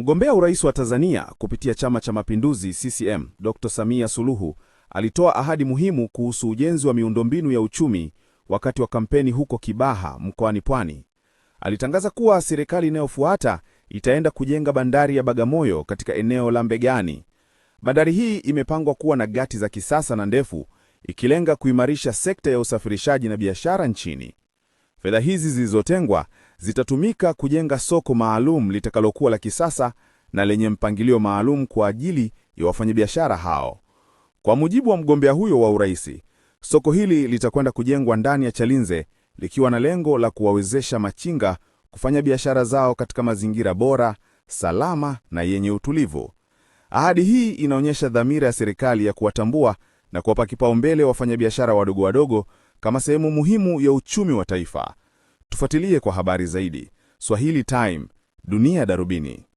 Mgombea urais wa Tanzania kupitia Chama cha Mapinduzi CCM, Dr. Samia Suluhu alitoa ahadi muhimu kuhusu ujenzi wa miundombinu ya uchumi wakati wa kampeni huko Kibaha mkoani Pwani. Alitangaza kuwa serikali inayofuata itaenda kujenga bandari ya Bagamoyo katika eneo la Mbegani. Bandari hii imepangwa kuwa na gati za kisasa na ndefu, ikilenga kuimarisha sekta ya usafirishaji na biashara nchini. Fedha hizi zilizotengwa zitatumika kujenga soko maalum litakalokuwa la kisasa na lenye mpangilio maalum kwa ajili ya wafanyabiashara hao. Kwa mujibu wa mgombea huyo wa urais, soko hili litakwenda kujengwa ndani ya Chalinze likiwa na lengo la kuwawezesha machinga kufanya biashara zao katika mazingira bora, salama na yenye utulivu. Ahadi hii inaonyesha dhamira ya serikali ya kuwatambua na kuwapa kipaumbele wafanyabiashara wadogo wadogo kama sehemu muhimu ya uchumi wa taifa. Tufuatilie kwa habari zaidi. Swahili Time, Dunia Darubini.